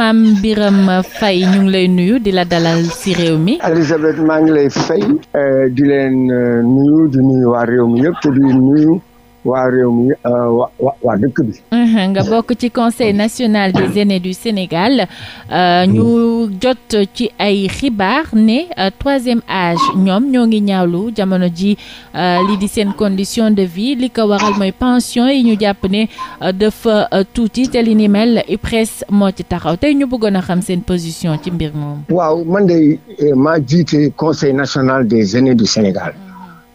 Mame Birame fay ñu ngi lay nuyu di la dalal si réew mi. Elisabeth maa ngi lay fay eh, di leen eh, nuyu di nuyu waa réew mi yëpp di nuyu. waa réew mi euh, mhm, nga bokk ci conseil national des aînés du Sénégal euh, ñu jot ci ay xibaar ne euh, troisième âge ñoom ñoo ngi ñaawlu jamono ji lii di seen condition de vie li ko waral mooy pension yi ñu jàpp ne dafa tuuti te li ni mel IPRES moo ci taxaw tey ñu bëggoon a xam seen position ci mbir moom. waaw man de maa jiite conseil national des aînés du Sénégal.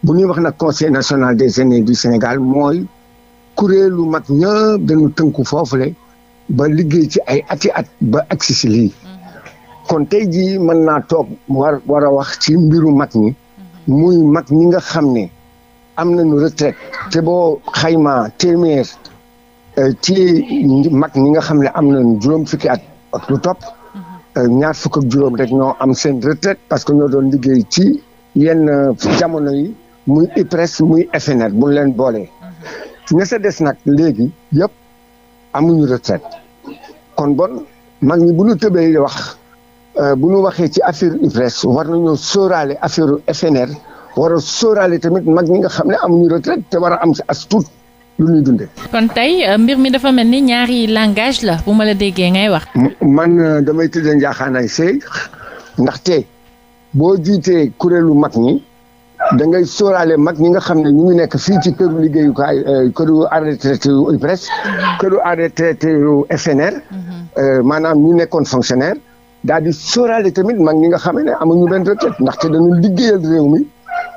bu ñuy wax nag conseil national des aînés du Sénégal mooy kuréelu mag ñëpp dañu tënku foofule ba liggéey ci ay ati at ba agsi si lii mm-hmm. kon tey jii mën naa toog war wax ci mbiru mat ñi mm-hmm. muy mag ñi nga xam ne am nañu retraite te boo xayma téeméer euh, ci mag ñi nga xam ne am nañu juróom fukki at ak lu topp mm-hmm. euh, ñaar fukk juróom rek ñoo am seen retraite parce que ñoo doon liggéey ci yenn jamono yi muy IPRES muy FNR bu leen boolee mhm. ña sa des nag léegi yëpp amuñu retraite kon bon mag ñi bu ñu tëbee wax euh, bu ñu waxee ci affaire IPRES war nañoo sóoraale affaire FNR war a sóoraale tamit mag ñi nga xam ne amuñu retraite te war a am si as lu ñuy dundee. kon tey euh, mbir mi dafa mel ni ñaari langage la bu ma la déggee ngay wax. man euh, damay tëddee njaaxaanaay ndax te boo jiitee kuréelu mag ñi. da ngay sóoraale mag ñi nga xam ne ñu ngi nekk fii ci këru liggéeyukaay euh, këru retraité yu IPRES mhm. këru retraité yu FNR mhm. euh, maanaam ñu nekkoon fonctionnaire daal di sóoraale tamit mag ñi nga xam ne amuñu benn retraite ndaxte dañu liggéeyal réew mi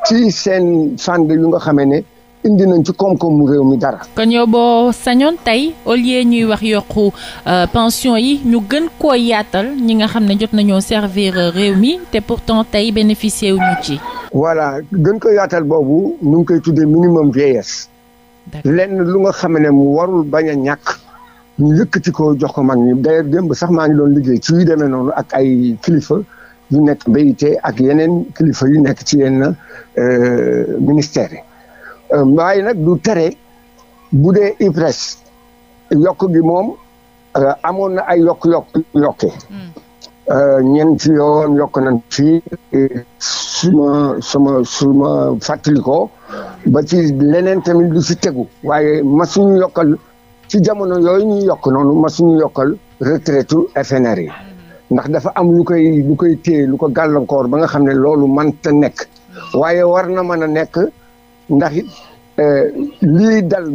ci seen fànn yu nga xam ne indi nañ ci koom-koomu réew mi dara. kon yow sañoon tey au lieu ñuy wax yokku euh, pension yi ñu gën koo yaatal ñi nga xam ne jot nañoo servir euh, réew mi te pourtant tey bénéficier wu ñu ci. voilà gën ko yaatal boobu ñu ngi koy tuddee minimum vieillesse. lenn lu nga xam ne mu warul bañ a ñàkk. ñu yëkkati jox ko mag ñi d'ailleurs démb sax maa ngi doon liggéey ci yu demee noonu ak ay kilifa. yu nekk BIT ak yeneen kilifa yu nekk ci yenn euh, ministères yi. Euh, waaye nag du tere bu dee IPRES yokk gi moom euh, amoon na ay yokk yokk yokke hmm. euh, ñeenti yoon yokk nañ fii suma suma suma fàttali ko ba ci leneen tamit du si tegu waaye masuñu yokkal ci jamono yooyu ñu yokk noonu masuñu yokkal retraite FNR yi hmm. ndax dafa am lu koy lu koy téye lu ko gàllankoor ba nga xam ne loolu mënta nekk hmm. waaye war na mën a nekk ndax euh, lii dal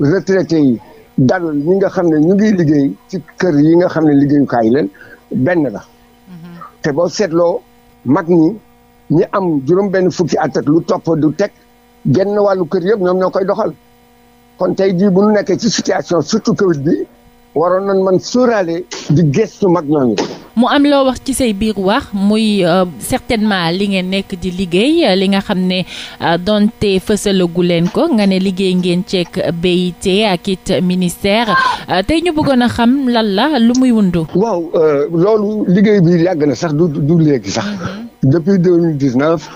retraité yi dalul ñi nga xam ne ñu ngi liggéey ci kër yi nga xam ne liggéeyukaay leen benn la mhm. te boo seetloo mag ñi ñi am juróom benn fukki at lu topp du teg genn wàllu kër yëpp ñoom ñoo koy doxal kon tey jii bu nekkee ci situation surtout Covid bi waroon nañ man sóoraale di gëstu mag ñooñu. mu am loo wax ci say biir wax muy euh, certainement li ngeen nekk di liggéey euh, li nga xam ne euh, donte fësalagu leen ko nga ne liggéey ngeen ceeg BIT ak it ministère tey ñu bëggoon a xam lan la lu muy wundu waaw loolu liggéey bi yàgg na sax du du léegi sax. Mhm. depuis deux mille dix neuf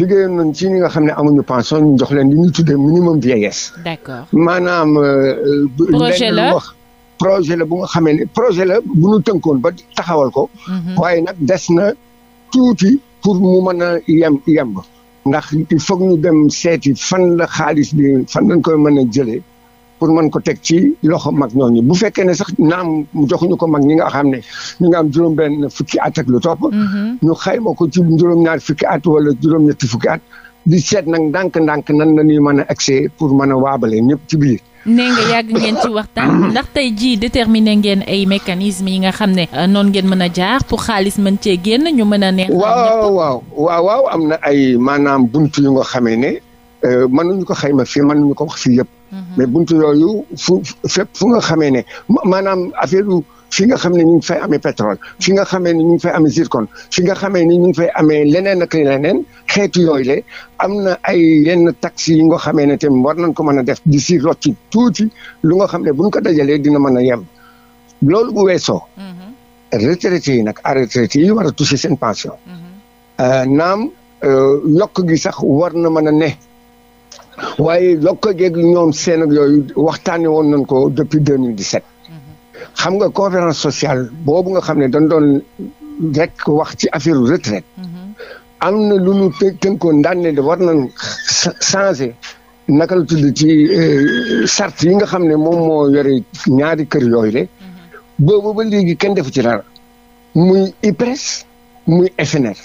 liggéeyoon nañ ci ñi nga xam ne amuñu pension ñu jox leen li ñuy tuddee minimum vieillesse. d'accord maanaam. projet la wax. projet la bu nga xamee ne projet la bu ñu tënkoon ba taxawal ko. Mhm. waaye nag des na tuuti pour mu mën a yem yemb. ndax il faut ñu dem seeti fan la xaalis bi fan lañ koy mën a jëlee pour mën ko teg ci loxo mag ñooñu bu fekkee ne sax naam joxuñu ko mag ñi nga xam ne ñu nga am juróom-benn fukki at ak lu topp. Mhm. ñu xayma ko ci juróom-ñaar fukki at wala juróom-ñetti fukki at. di seet nag ndànk-ndànk nan la ñuy mën a accès pour mën a waabale ñëpp ci biir. nee nga yàgg ngeen ci waxtaan ndax tey jii ngeen ay mécanismes yi nga xam ne euh, noonu ngeen man a jaar pour xaalis mën cee génn ñu man a neex. waaw waaw waaw waaw am na ay maanaam buntu yu nga xamee ne euh, mënuñu ko xayma fii mënuñu ko wax fii yëpp. Mhm. mais buntu yooyu fu fépp fu nga xamee ne maanaam affaire fi nga xam ne ñu ngi fay amee pétrole fi nga xamee ni ñu ngi fay amee zircon fi nga xamee ni ñu ngi fay amee leneen ak leneen xeetu yooyu le am na ay yen taxes yi nga xamee ne tamit war nañ ko mën a def di si rocci tuuti lu nga xam ne buñ ko dajalee dina mën a yem loolu bu weesoo mm-hmm. retraités yi nag à retraités i war a si seen pension mm-hmm. euh, naam yokk euh, gi sax war na mën a ne waaye yokk geeg ñoom seen ak yooyu waxtaanee woon nañ ko depuis 2017 xam nga conférence sociale boobu nga xam ne dañ doon rek wax ci affaire retraite mm-hmm. am na lu ñu tënkoon daan ne de war nañ changer naka la tudd sart euh, yi nga xam ne moom moo yore ñaari kër yooyu le mm-hmm. boobu ba léegi kenn defu ci dara muy IPRES muy FNR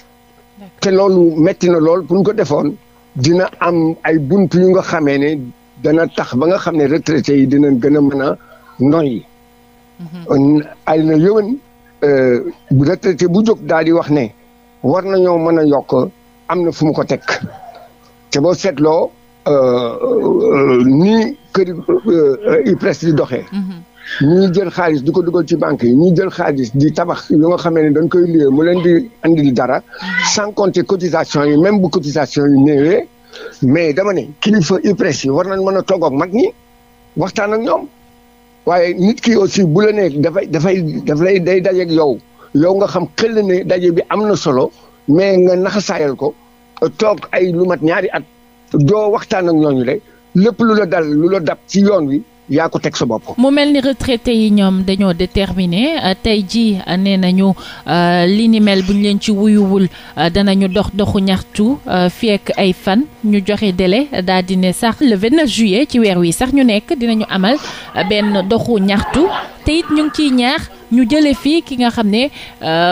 te loolu metti na lool bu ñu ko defoon dina am ay bunt yu nga xamee ne dana tax ba nga xam ne retraités yi dinañ gën a mën a noyyi ay na yëwan bu retraité bu jóg daal di wax ne war nañoo mën na yokk am na fu mu ko teg te boo seetloo euh, euh, nii kër euh, IPRES di doxe mm-hmm. ñuy jël xaalis di ko dugal ci banque yi ñuy jël xaalis di tabax yoo nga xamee ne dañ koy liyee mu leen di di dara mm-hmm. sans compter cotisation yi même bu cotisation yi néewee mais dama ne kilifa IPRES yi war na mën a toog mag ñi waxtaan ak ñoom. waaye nit ki aussi bu la nekk dafay dafay daf lay day dajeeg yow yow nga xam xel ne daje bi am na solo mais nga naxasaayal ko toog ay lu mat ñaari at doo waxtaan ak ñooñu de lépp lu la dal lu la dab ci yoon wi yaa ko teg sa bopp. mu mel ni retraité yi ñoom dañoo déterminé tey jii nee nañu euh, li ni mel bu ñu leen ci wuyuwul euh, ñu dox doxu ñaxtu euh, fii ak ay fan ñu joxe délai daal di ne sax le 29 juillet ci weer wi sax ñu nekk dinañu amal benn doxu ñaxtu te ñu ngi ciy ñaax ñu jële fii ki nga xam ne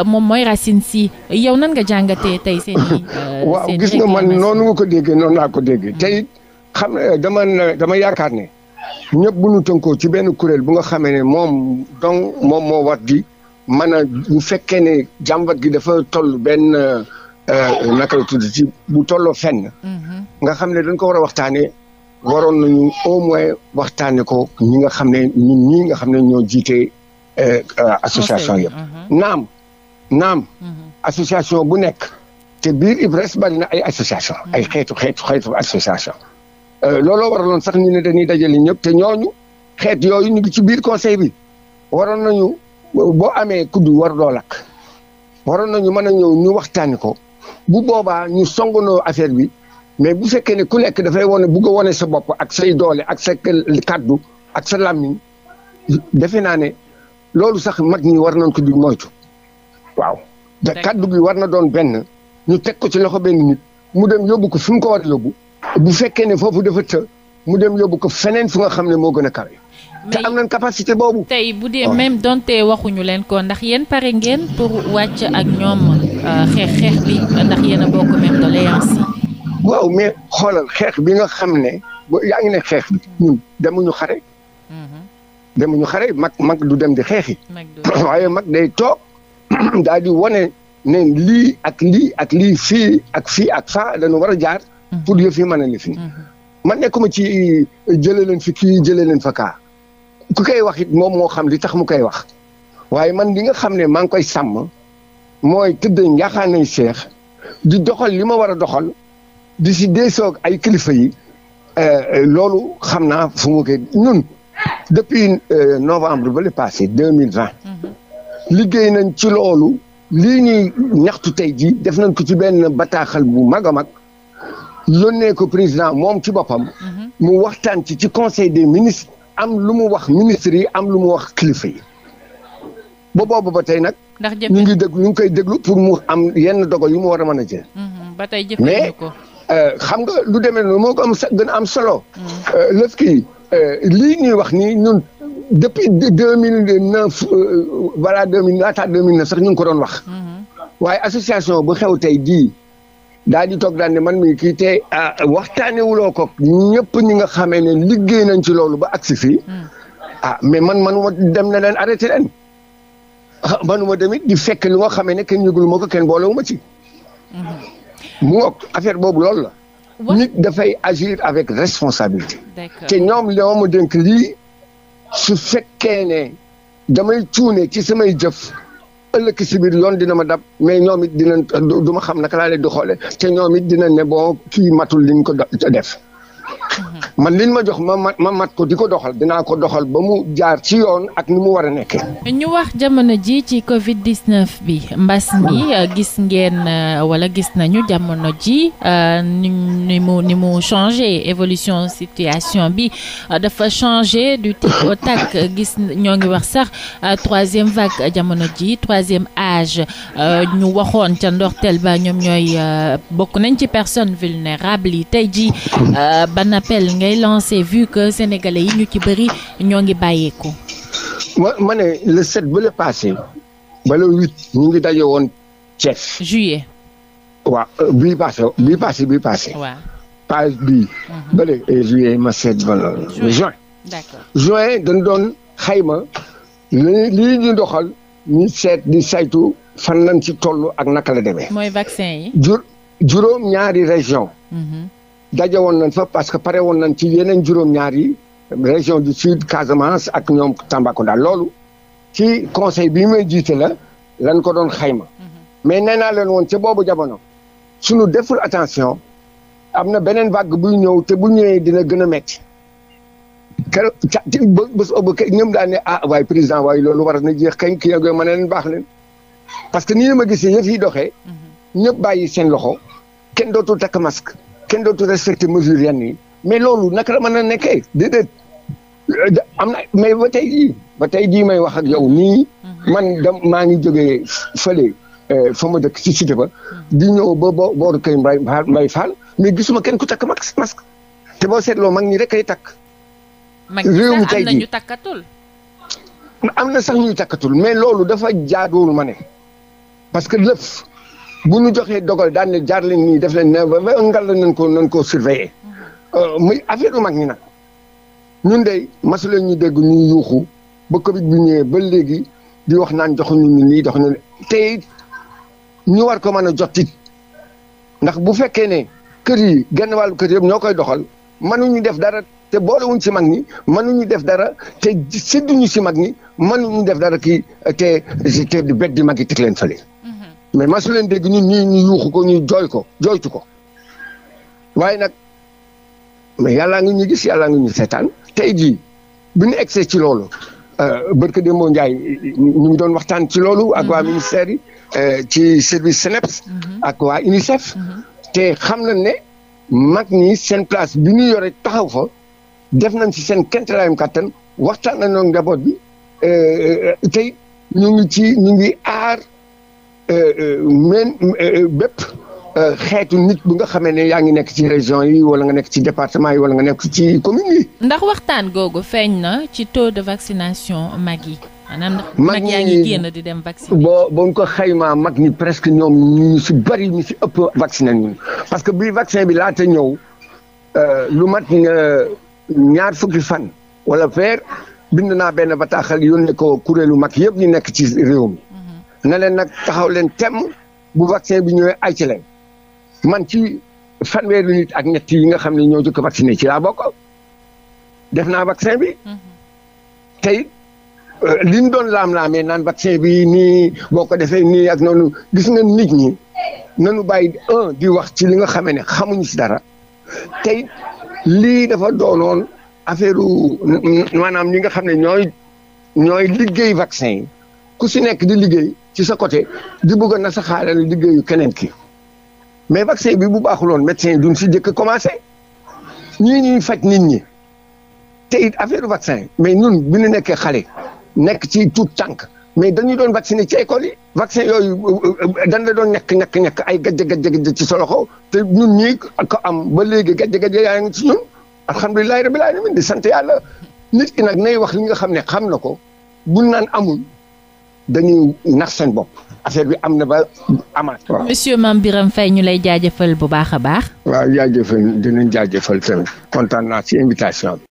moom mooy Racine Sy yow nan nga jàngatee tey seen i. waaw gis nga man noonu nga ko déggee noonu laa ko déggee. te xam dama dama yaakaar ne. ñëpp bu ñu ci benn kuréel bu nga xamee ne moom donc moom moo war di mën a bu fekkee ne jàmbat gi dafa toll benn euh, naka la ci bu tolloo fenn. Mm-hmm. nga xam ne dañ ko war a waxtaanee waroon nañu au moins waxtaanee ko ñi nga xam ne ñun ñii nga xam ne ñoo jiite euh, euh, association yëpp. Mm-hmm. naam naam. Mm-hmm. association bu nekk. te biir IPRES bari na ay association ay xeetu xeetu xeetu association. Euh, looloo waraloon sax ñu ne dañuy dajale ñëpp te ñooñu xeet yooyu ñu ngi ci biir conseil bi waroon nañu boo amee kudd war doo lakk waroon ñu mën a ñëw ñu waxtaani ko bu boobaa ñu songanoo affaire bi mais bu fekkee ne ku nekk dafay wane bugg a wane sa bopp ak say doole ak sa kaddu ak sa làmmiñ defe naa ne loolu sax mag ñi war nañ ko di moytu waaw te kaddu gi war na doon benn ñu teg ko ci loxo benn nit mu dem yóbbu ko fi ko war a yóbbu bu fekkee ne foofu dafa të mu dem yóbbu ko feneen fu nga xam ne moo gën a kawe. te am nañ capacité boobu. tey bu dee ah. même donte waxuñu leen ko ndax yéen pare ngeen pour wàcc ak ñoom euh, xeex xeex bi ndax yéen a bokk même doléance waaw mais xoolal xeex bi nga xam ne yaa ngi ne xeex bi ñun demuñu xare. Mhm. demuñu xare mag mag du dem di xeexi. waaye mag day toog daal di wone ne lii ak lii ak lii fii ak fii ak faa danu war a jaar. Mhm. pour yëf yi mën a ne fi mhm. man nekkuma ci eh, jëlee leen fi kii jëlee leen fa kaa ku koy wax moom moo xam li tax mu koy wax waaye man li nga xam ne maa ngi koy sàmm mooy tëdd njaaxaanay seex di doxal li ma war a doxal di si soog ay kilifa yi eh, eh, loolu xam naa fu mu koy ñun depuis novembre ba le deux mille vingt mhm. liggéey nañ ci loolu lii ñuy ñaxtu tey ji def nañ ko ci benn bataaxal bu mag a mag yónnee ko président moom ci boppam. mu waxtaan ci ci conseil des ministres am lu mu wax ministres yi am lu mu wax kilifa yi ba boobu ba tey nag. ndax ñu ngi déglu ñu ngi koy déglu pour mu am yenn dogal yi mu war a mën a jël. Mm-hmm. ba tey mais euh, xam nga lu demee noonu moo ko am gën am solo. Mm-hmm. Euh, lëf kii euh, lii ñuy wax nii ñun depuis deux mille neuf voilà deux mille laataa neuf sax ñu ngi ko doon wax. Mm-hmm. waaye association bu xew tey jii. daal di toog daan man mi kii te ah, waxtaanee wuloo ko ñëpp ñi nga xamee ne liggéey nañ ci loolu ba agsi fii hmm. ah mais man manuma dem na leen arrêté leen ah, manuma tamit di fekk lu nga xamee ne kenn yëgul ma ko kenn boolewu ma ci. Hmm. mu ngoog affaire boobu loolu nit dafay agir avec responsabilité. te ñoom ñoo ma dénk lii su fekkee ne damay cuune ci samay jëf. ëllëg si biir yoon dina ma dab mais ñoom it dinañ ma xam naka laa leen di xoolee te ñoom dina dinañ ne bon kii matul liñ ko def. man liñ ma jox ma mat ma mat ko di ko doxal dinaa ko doxal ba mu jaar ci yoon ak ni mu war a nekkee. ñu wax jamono ji ci Covid 19 bi mbas mi mm-hmm. euh, gis ngeen euh, wala gis nañu jamono ji euh, ni ni mu changé évolution situation bi dafa changé du tic au gis ñoo ngi wax sax troisième vague jamono ji troisième âge ñu waxoon ca ndorteel ba ñoom ñooy bokk nañ ci personne vulnérable yi tey ji ban appel ngay lancé vu que sénégalais yi ñu ci bëri ñoo ngi bàyyeeku. ma ma ne le sept ba le passé ba le ngi daje woon Thiès. juillet. waaw euh, bii passé bii passé bii passé. waaw page bii. Mhm. ba le juillet ma seet ba le juin. d'accord doon xayma li li ñu doxal ñu seet di saytu fan lañ ci toll ak naka la demee. mooy vaccin yi. juróom ñaari région mhm. daje woon nañ fa parce que pare woon nañ ci yeneen juróom-ñaar yi région du sud Casamance ak ñoom Tambacounda loolu ci conseil bi may jiite la lañ ko doon xayma mhm. mais nee naa leen woon ca boobu jamono suñu deful attention am na beneen vague bu ñëw te bu ñëwee dina gën a métti keroog ca ba ba ñoom daan ah waaye président waaye loolu war na jeex kañ kii ak yooyu ma baax leen parce que ni ma gisee yëf yi doxee mhm. ñëpp bàyyi seen loxo kenn dootu takk masque. kenn dootu respecté mesure yan yi mais loolu naka la mën a nekkee déedéet am na mais ba tey jii ba tey jii may wax ak yow nii man dam maa ngi jógee fële euh, fa ma dëkk ci cité ba di ñëw ba bo kay mbay mbay faal mais gisuma kenn ku takk masque te boo seetloo mag ñi rek kay takk réew mi tey jii am na sax ñuy takkatul mais loolu dafa jaaduwul ma ne parce que lëf bu ñu joxee dogal daan ne jaar leen nii def leen ne ba ngal la nañ ko nañ koo surveiller mm-hmm. euh, muy affaire u mag ñi nag ñun de masu leen ñu dégg ñuy yuuxu ba Covid bi ñëwee ba léegi di wax naan joxuñu ñu nii dox ñu te ñu war ko mën a jot tit ndax bu fekkee ne kër yi genn wàllu këri yëpp ñoo koy doxal ñu def dara te boolewuñ si mag ñi mënuñu def dara te sédduñu si mag ñi mënuñu def dara kii te te di bet di mag i teg leen fële mais masu leen dégg ñun ñu yuuxu ko ñu jooy ko jooytu ko waaye nag mais yàllaa ngi ñu gis yàllaa ngi ñu seetaan tey ji bi ñu egsee ci loolu euh, barke moo Ndiaye ñu ngi doon waxtaan ci loolu. ak waa mm-hmm. ministère yi euh, ci service SNEPS. Mm-hmm. ak waa UNICEF. Mm-hmm. te xam nañ ne mag ñi seen place bi ñu yore taxaw fa def nañ ci seen kéemtalaayam kattan waxtaan nañoo njaboot bi euh, tey ñu ngi ci ñu ngi aar. Euh, euh, men euh, bépp xeetu nit bu nga xamee ne yaa ngi nekk ci région yi wala nga nekk ci département yi wala nga nekk ci commune yi. ndax waxtaan googu feeñ na ci taux de vaccination mag yi. maanaam mag yaa ngi génn di dem vacciner. boo boo ko xaymaa mag ñi presque ñoom ñu si bëri ñu si ëpp vacciné ñun parce que bi vaccin bi laata ñëw lu mat ñaar fukki fan wala weer bind naa benn bataaxal yónnee ko kuréelu mag yëpp ñu nekk ci réew mi. na leen nag taxaw leen temm bu vaccin bi ñëwee ay ci leen man ci fanweeri nit ak ñett yi nga xam ne ñoo jëkk vacciné ci laa bokk def naa vaccin bi mhm. tey euh, li ñu doon lam laamee naan vaccin bi nii boo ko defee nii ak noonu gis nga nit ñi nanu bàyyi un di wax ci li nga xamee ne xamuñu si dara tey lii dafa doonoon affaire maanaam ñi nga xam ne ñooy ñooy liggéey vaccin yi ku si nekk di liggéey ci sa côté di bëgg a nasaxaaral liggéeyu keneen ki mais vaccin bi bu baaxuloon médecin yi duñ si jëkk commencé ñii ñuy faj nit ñi te it affaire vaccin mais ñun bi ñu nekkee xale nekk ci tout tànk mais dañu doon vacciné ci école yi vaccin yooyu euh, euh, euh, dañ la doon ñàkk ñàkk ñàkk ay gajja gajja gajja ci sa te ñun ñii ak am ba léegi gajja gajja yaa ngi ci ñun alhamdulilahi rabbil alamin di sant yàlla nit ki nag nay wax li nga xam ne xam na ko bu naan amul dañuy nax seen bopp affaire bi am na ba amaat. waaw monsieur Mame Birame ñu lay jaajëfal bu baax a baax. waaw jaajëfal dinañ jaajëfal tamit kontaan naa ci invitation bi.